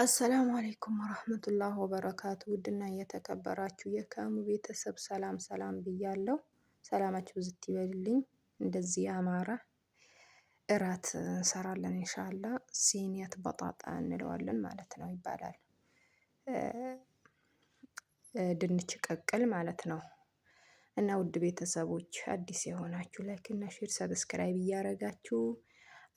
አሰላሙ አሌይኩም ወረህመቱላህ ወበረካቱ። ውድና እየተከበራችሁ የካሙ ቤተሰብ ሰላም ሰላም ብያለሁ። ሰላማችሁ ብዝት ይበልልኝ። እንደዚህ አማረ እራት እንሰራለን እንሻላ። ሲኒያት በጣጣ እንለዋለን ማለት ነው ይባላል። ድንች ቀቅል ማለት ነው። እና ውድ ቤተሰቦች አዲስ የሆናችሁ ላይክ እና ሼር ሰብስክራይብ እያረጋችሁ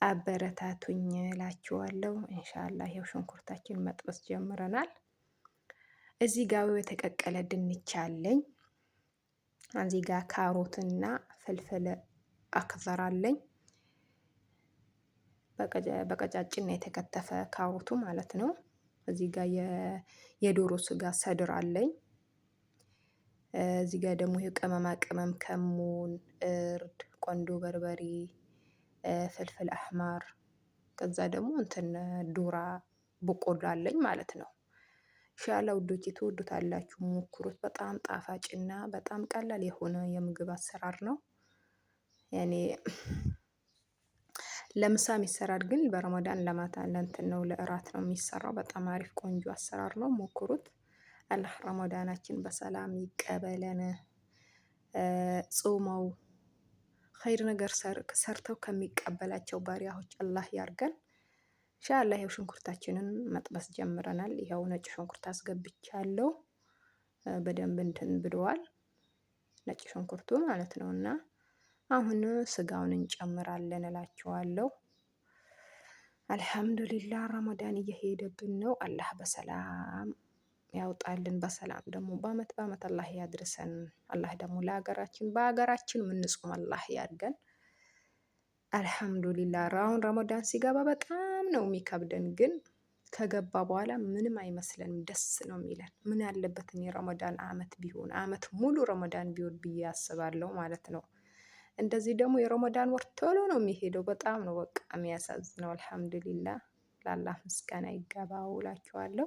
አበረታቱኝ እላችኋለሁ። እንሻላ ይኸው ሽንኩርታችን መጥበስ ጀምረናል። እዚህ ጋር የተቀቀለ ድንች አለኝ። እዚህ ጋር ካሮትና ፍልፍል አክዘር አለኝ። በቀጫጭን የተከተፈ ካሮቱ ማለት ነው። እዚህ ጋር የዶሮ ስጋ ሰድር አለኝ። እዚህ ጋር ደግሞ ይሄ ቅመማ ቅመም ከሙን፣ እርድ፣ ቆንዶ በርበሬ ፍልፍል አህማር ከዛ ደግሞ እንትን ዱራ በቆሎ አለኝ ማለት ነው። ሻላ ውዶች ትወዱታላችሁ፣ ሞክሩት። በጣም ጣፋጭና በጣም ቀላል የሆነ የምግብ አሰራር ነው። ያኔ ለምሳ ይሰራል፣ ግን በረመዳን ለማታ ለእንትን ነው ለእራት ነው የሚሰራው። በጣም አሪፍ ቆንጆ አሰራር ነው፣ ሞክሩት። አላህ ረመዳናችን በሰላም ይቀበለን። ጾመው ኸይር ነገር ሰርተው ከሚቀበላቸው ባሪያዎች አላህ ያርገን። ኢንሻአላህ ይኸው ሽንኩርታችንን መጥበስ ጀምረናል። ይኸው ነጭ ሽንኩርት አስገብቻለሁ። በደንብ እንትን ብለዋል ነጭ ሽንኩርቱ ማለት ነው። እና አሁን ስጋውን እንጨምራለን እላችኋለሁ። አልሐምዱሊላህ ረመዳን እየሄደብን ነው። አላህ በሰላም ያውጣልን። በሰላም ደግሞ በአመት በአመት አላህ ያድርሰን። አላህ ደግሞ ለሀገራችን በሀገራችን ምንጹም አላህ ያድርገን። አልሐምዱሊላ አሁን ረመዳን ሲገባ በጣም ነው የሚከብደን፣ ግን ከገባ በኋላ ምንም አይመስለንም። ደስ ነው የሚለን። ምን ያለበት እኔ ረመዳን አመት ቢሆን አመት ሙሉ ረመዳን ቢሆን ብዬ አስባለሁ ማለት ነው። እንደዚህ ደግሞ የረመዳን ወር ቶሎ ነው የሚሄደው። በጣም ነው በቃ የሚያሳዝነው። አልሐምዱሊላ ለአላህ ምስጋና ይገባው እላችኋለሁ።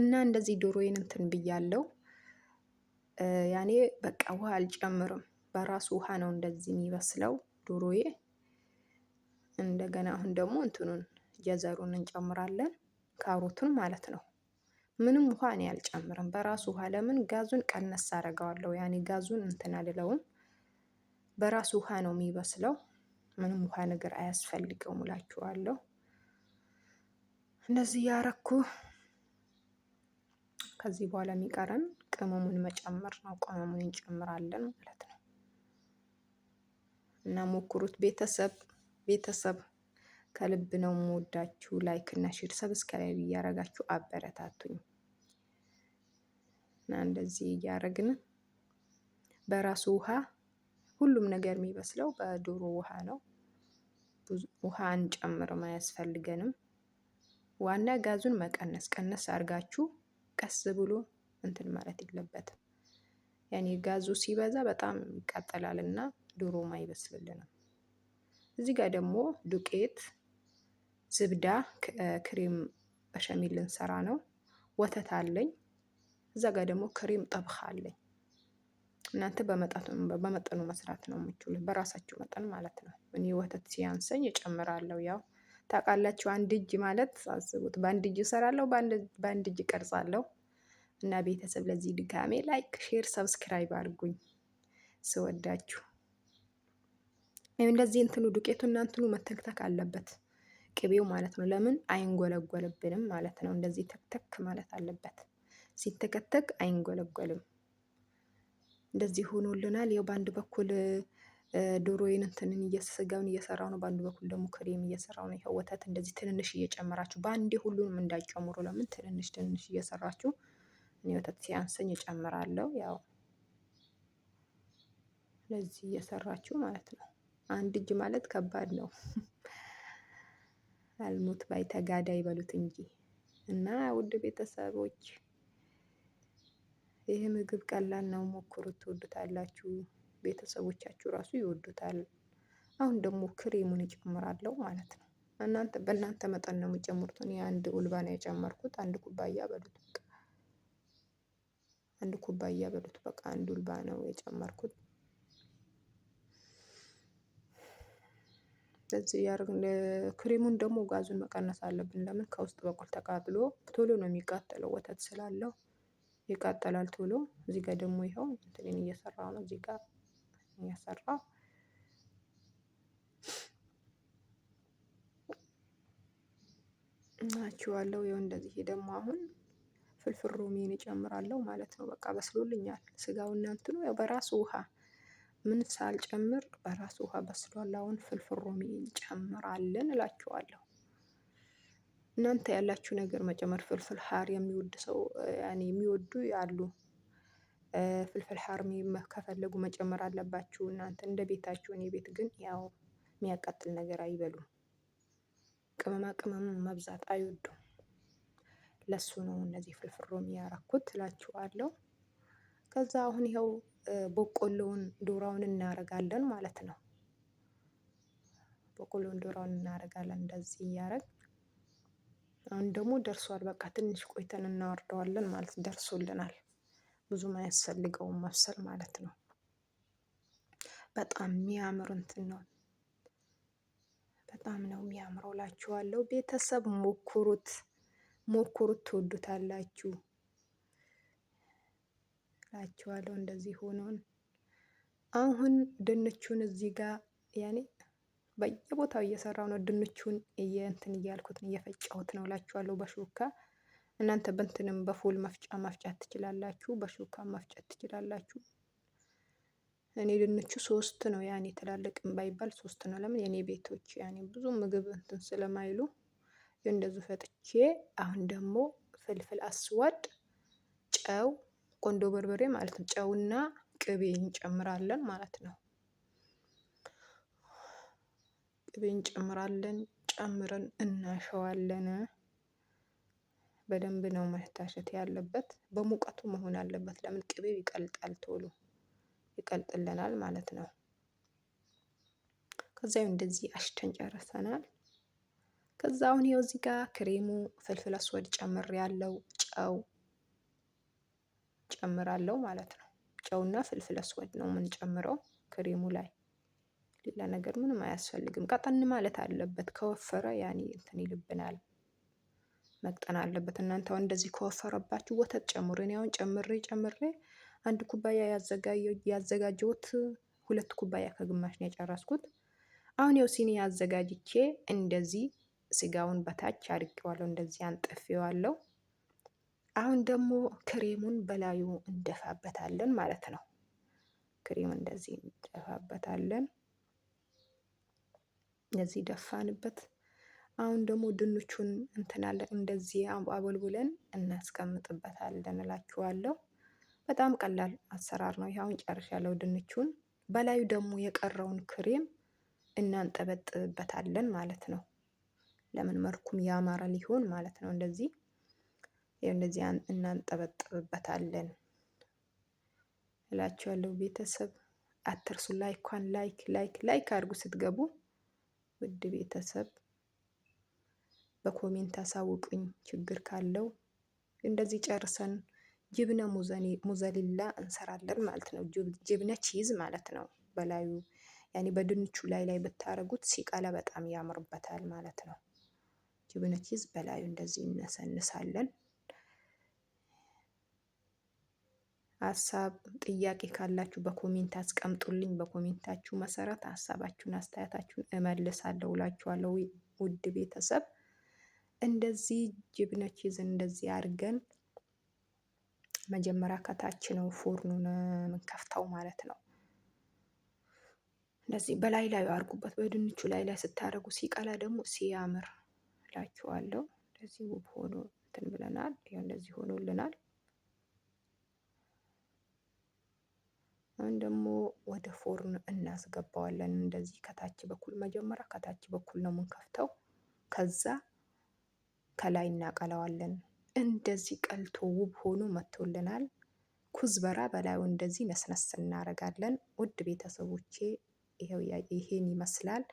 እና እንደዚህ ዶሮዬን እንትን ብያለው። ያኔ በቃ ውሃ አልጨምርም በራሱ ውሃ ነው እንደዚህ የሚበስለው ዶሮዬ። እንደገና አሁን ደግሞ እንትኑን ጀዘሩን እንጨምራለን ካሮቱን ማለት ነው። ምንም ውሃ እኔ አልጨምርም በራሱ ውሃ ለምን ጋዙን ቀነስ አደርገዋለሁ ያኔ ጋዙን እንትን አልለውም። በራሱ ውሃ ነው የሚበስለው ምንም ውሃ ነገር አያስፈልገውም እላችኋለሁ። እንደዚህ ያረኩ ከዚህ በኋላ የሚቀረን ቅመሙን መጨመር ነው። ቅመሙን እንጨምራለን ማለት ነው እና ሞክሩት ቤተሰብ ቤተሰብ ከልብ ነው የምወዳችሁ። ላይክ እና ሼር ሰብስክራይብ እያረጋችሁ አበረታቱኝ እና እንደዚህ እያረግን በራሱ ውሃ ሁሉም ነገር የሚበስለው በዶሮ ውሃ ነው። ውሃ አንጨምርም፣ አያስፈልገንም። ዋና ጋዙን መቀነስ ቀነስ አድርጋችሁ ቀስ ብሎ እንትን ማለት የለበትም። ያኔ ጋዙ ሲበዛ በጣም ይቃጠላል እና ዶሮም አይበስልልንም። እዚህ ጋር ደግሞ ዱቄት ዝብዳ ክሬም በሸሚል ልንሰራ ነው። ወተት አለኝ። እዛ ጋር ደግሞ ክሬም ጠብኻ አለኝ። እናንተ በመጠኑ መስራት ነው የምችሉ፣ በራሳችሁ መጠን ማለት ነው። እኔ ወተት ሲያንሰኝ እጨምራለሁ ያው ታውቃላችሁ፣ አንድ እጅ ማለት አስቡት። በአንድ እጅ እሰራለሁ፣ በአንድ እጅ ቀርጻለሁ። እና ቤተሰብ ለዚህ ድጋሜ ላይክ፣ ሼር፣ ሰብስክራይብ አድርጉኝ። ስወዳችሁ እንደዚህ እንትኑ ዱቄቱ እና እንትኑ መተክተክ አለበት ቅቤው ማለት ነው። ለምን አይንጎለጎልብንም ማለት ነው። እንደዚህ ተክተክ ማለት አለበት። ሲተከተክ አይንጎለጎልም። እንደዚህ ሆኖልናል። ያው በአንድ በኩል ዶሮዬን እንትንን ስጋውን እየሰራው ነው። በአንድ በኩል ደግሞ ክሬም እየሰራው ነው። ይኸው ወተት እንደዚህ ትንንሽ እየጨመራችሁ በአንዴ ሁሉንም እንዳይጨምሩ ለምን ትንንሽ ትንንሽ እየሰራችሁ እኔ ወተት ሲያንሰኝ እጨምራለሁ። ያው ለዚህ እየሰራችሁ ማለት ነው። አንድ እጅ ማለት ከባድ ነው። አልሙት ባይ ተጋዳይ በሉት እንጂ እና ውድ ቤተሰቦች ይህ ምግብ ቀላል ነው። ሞክሩት፣ ትወዱታላችሁ። ቤተሰቦቻችሁ ራሱ ይወዱታል። አሁን ደግሞ ክሬሙን ይጨምራለሁ ማለት ነው። እናንተ በእናንተ መጠን ነው የሚጨምሩት። እኔ አንድ ውልባ ነው የጨመርኩት። አንድ ኩባያ በሉት በቃ አንድ ኩባያ በሉት በቃ አንድ ውልባ ነው የጨመርኩት። ስለዚህ ክሬሙን ደግሞ ጋዙን መቀነስ አለብን። ለምን ከውስጥ በኩል ተቃጥሎ ቶሎ ነው የሚቃጠለው ወተት ስላለው ይቃጠላል ቶሎ። እዚህ ጋር ደግሞ ይኸው እንትኔን ነው እዚህ ጋር የሰራው። እናችኋለሁ ይኸው እንደዚህ ደግሞ አሁን ፍልፍል ሮሜን እጨምራለሁ ማለት ነው። በቃ በስሎልኛል ስጋው እናንትኑ ያው በራሱ ውሃ ምን ሳልጨምር በራሱ ውሃ በስሏል። አሁን ፍልፍል ሮሜን ጨምራለን እላችኋለሁ። እናንተ ያላችሁ ነገር መጨመር ፍልፍል ሀር የሚወድ ሰው ያኔ የሚወዱ አሉ። ፍልፍል ሀርሚ ከፈለጉ መጨመር አለባችሁ እናንተ እንደ ቤታችሁ። እኔ ቤት ግን ያው የሚያቃጥል ነገር አይበሉም። ቅመማ ቅመም መብዛት አይወዱም። ለሱ ነው እነዚህ ፍልፍል ሮሚ ያረኩት እላችኋለሁ። ከዛ አሁን ይኸው በቆሎውን ዶራውን እናረጋለን ማለት ነው። በቆሎውን ዶራውን እናረጋለን እንደዚህ እያረግ አሁን ደግሞ ደርሷል። በቃ ትንሽ ቆይተን እናወርደዋለን ማለት ደርሶልናል። ብዙም አያስፈልገውም መብሰል ማለት ነው። በጣም የሚያምር እንትን ነው። በጣም ነው የሚያምረው ላችኋለሁ። ቤተሰብ ሞክሩት፣ ሞክሩት ትወዱታላችሁ ላችኋለሁ። እንደዚህ ሆኖን አሁን ድንቹን እዚህ ጋር ያኔ በየቦታው እየሰራው ነው። ድንቹን እንትን እያልኩት ነው እየፈጫሁት ነው ላችኋለሁ በሹካ እናንተ በንትንም በፉል መፍጫ መፍጫት ትችላላችሁ፣ በሹካ መፍጫት ትችላላችሁ። እኔ ድንቹ ሶስት ነው ያኔ ትላልቅም ባይባል ሶስት ነው። ለምን የኔ ቤቶች ያኔ ብዙ ምግብ እንትን ስለማይሉ እንደዙ ፈጥቼ፣ አሁን ደግሞ ፍልፍል አስዋድ ጨው፣ ቆንዶ በርበሬ ማለት ነው። ጨውና ቅቤ እንጨምራለን ማለት ነው። ቅቤ እንጨምራለን፣ ጨምረን እናሸዋለን። በደንብ ነው መታሸት ያለበት። በሙቀቱ መሆን አለበት። ለምን ቅቤው ይቀልጣል ቶሎ ይቀልጥልናል ማለት ነው። ከዛው እንደዚህ አሽተን ጨርሰናል። ከዛ አሁን ይኸው እዚህ ጋር ክሬሙ ፍልፍል አስወድ ጨምር ያለው ጨው ጨምራለው ማለት ነው። ጨውና ፍልፍል አስወድ ነው የምንጨምረው ክሬሙ ላይ ሌላ ነገር ምንም አያስፈልግም። ቀጠን ማለት አለበት። ከወፈረ ያኔ እንትን ይልብናል። መቅጠን አለበት። እናንተ አሁን እንደዚህ ከወፈረባችሁ ወተት ጨምሩ። እኔ አሁን ጨምሬ ጨምሬ አንድ ኩባያ ያዘጋጀሁት ሁለት ኩባያ ከግማሽ ነው የጨረስኩት። አሁን ያው ሲኒ አዘጋጅቼ እንደዚህ ስጋውን በታች አድርጌዋለሁ፣ እንደዚህ አንጥፌዋለሁ። አሁን ደግሞ ክሬሙን በላዩ እንደፋበታለን ማለት ነው። ክሬም እንደዚህ እንደፋበታለን፣ እንደዚህ ደፋንበት። አሁን ደግሞ ድንቹን እንትናለን እንደዚህ አቦልቡለን እናስቀምጥበታለን እላችኋለሁ። በጣም ቀላል አሰራር ነው። ይሄ አሁን ጨርሻለሁ ድንቹን። በላዩ ደግሞ የቀረውን ክሬም እናንጠበጥብበታለን ማለት ነው። ለምን መልኩም ያማረ ሊሆን ማለት ነው። እንደዚህ እንደዚህ እናንጠበጥብበታለን እላችኋለሁ። ቤተሰብ አትርሱ። ላይኳን ላይክ ላይክ ላይክ አድርጉ ስትገቡ ውድ ቤተሰብ በኮሜንት አሳውቁኝ ችግር ካለው። እንደዚህ ጨርሰን ጅብነ ሙዘሊላ እንሰራለን ማለት ነው። ጅብነ ቺዝ ማለት ነው። በላዩ ያኔ በድንቹ ላይ ላይ ብታረጉት ሲቀላ በጣም ያምርበታል ማለት ነው። ጅብነ ቺዝ በላዩ እንደዚህ እነሰንሳለን። ሀሳብ ጥያቄ ካላችሁ በኮሜንት አስቀምጡልኝ። በኮሜንታችሁ መሰረት ሀሳባችሁን አስተያየታችሁን እመልሳለሁ እላችኋለሁ ውድ ቤተሰብ እንደዚህ ጅብነች ይዘን እንደዚህ አድርገን መጀመሪያ ከታች ነው ፎርኑን ምንከፍተው ማለት ነው። እንደዚህ በላይ ላይ አድርጉበት። በድንቹ ላይ ላይ ስታደርጉ ሲቀላ ደግሞ ሲያምር እላችኋለሁ። እንደዚህ ውብ ሆኖ እንትን ብለናል። ያው እንደዚህ ሆኖልናል። አሁን ደግሞ ወደ ፎርን እናስገባዋለን። እንደዚህ ከታች በኩል መጀመሪያ ከታች በኩል ነው የምንከፍተው ከዛ ከላይ እናቀለዋለን። እንደዚህ ቀልቶ ውብ ሆኖ መጥቶልናል። ኩዝበራ በላዩ እንደዚህ ነስነስ እናደርጋለን። ውድ ቤተሰቦቼ ይኸው ይሄን ይመስላል።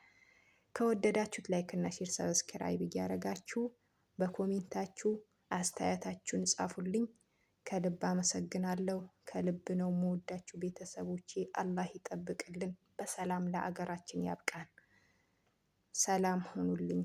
ከወደዳችሁት ላይክ እና ሼር ሰብስክራይብ እያደረጋችሁ በኮሜንታችሁ አስተያየታችሁን ጻፉልኝ። ከልብ አመሰግናለሁ። ከልብ ነው የምወዳችሁ ቤተሰቦቼ። አላህ ይጠብቅልን፣ በሰላም ለአገራችን ያብቃን። ሰላም ሁኑልኝ።